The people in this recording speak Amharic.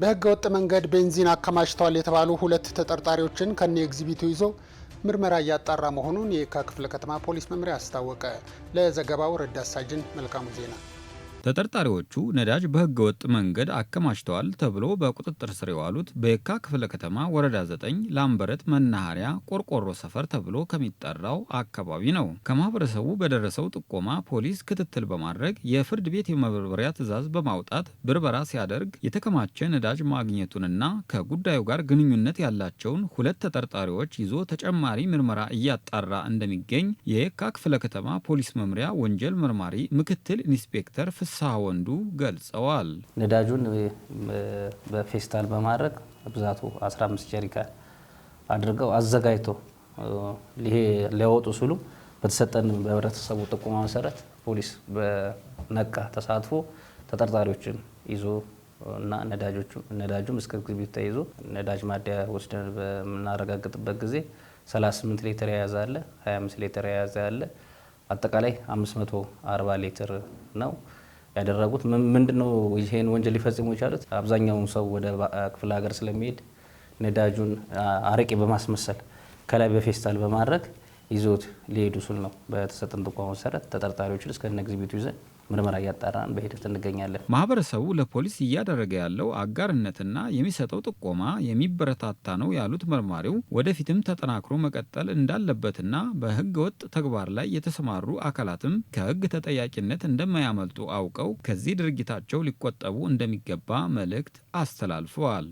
በህገወጥ መንገድ ቤንዚን አከማችተዋል የተባሉ ሁለት ተጠርጣሪዎችን ከነ ኤግዚቢቱ ይዞ ምርመራ እያጣራ መሆኑን የካ ክፍለ ከተማ ፖሊስ መምሪያ አስታወቀ። ለዘገባው ረዳት ሳጅን መልካሙ ዜና ተጠርጣሪዎቹ ነዳጅ በህገወጥ መንገድ አከማችተዋል ተብሎ በቁጥጥር ስር የዋሉት በየካ ክፍለ ከተማ ወረዳ 9 ላምበረት መናኸሪያ ቆርቆሮ ሰፈር ተብሎ ከሚጠራው አካባቢ ነው። ከማህበረሰቡ በደረሰው ጥቆማ ፖሊስ ክትትል በማድረግ የፍርድ ቤት የመበርበሪያ ትዕዛዝ በማውጣት ብርበራ ሲያደርግ የተከማቸ ነዳጅ ማግኘቱንና ከጉዳዩ ጋር ግንኙነት ያላቸውን ሁለት ተጠርጣሪዎች ይዞ ተጨማሪ ምርመራ እያጣራ እንደሚገኝ የየካ ክፍለ ከተማ ፖሊስ መምሪያ ወንጀል መርማሪ ምክትል ኢንስፔክተር ፍስ ፍስሐ ወንዱ ገልጸዋል። ነዳጁን በፌስታል በማድረግ ብዛቱ 15 ጀሪካን አድርገው አዘጋጅቶ ይሄ ሊያወጡ ሲሉ በተሰጠን በህብረተሰቡ ጥቆማ መሰረት ፖሊስ በነቃ ተሳትፎ ተጠርጣሪዎችን ይዞ እና ነዳጁም እስከ ግቢ ተይዞ ነዳጅ ማደያ ወስደን በምናረጋግጥበት ጊዜ 38 ሊትር የያዘ አለ፣ 25 ሊትር የያዘ አለ። አጠቃላይ 540 ሊትር ነው። ያደረጉት ምንድን ነው? ይህን ወንጀል ሊፈጽሙ የቻሉት አብዛኛውን ሰው ወደ ክፍለ ሀገር ስለሚሄድ ነዳጁን አረቄ በማስመሰል ከላይ በፌስታል በማድረግ ይዞት ሊሄዱ ስል ነው በተሰጠን ጥቆማ መሰረት ተጠርጣሪዎችን እስከነ እነ ይዘን ምርመራ እያጣራን በሂደት እንገኛለን። ማህበረሰቡ ለፖሊስ እያደረገ ያለው አጋርነትና የሚሰጠው ጥቆማ የሚበረታታ ነው ያሉት መርማሪው ወደፊትም ተጠናክሮ መቀጠል እንዳለበትና በሕገ ወጥ ተግባር ላይ የተሰማሩ አካላትም ከህግ ተጠያቂነት እንደማያመልጡ አውቀው ከዚህ ድርጊታቸው ሊቆጠቡ እንደሚገባ መልእክት አስተላልፈዋል።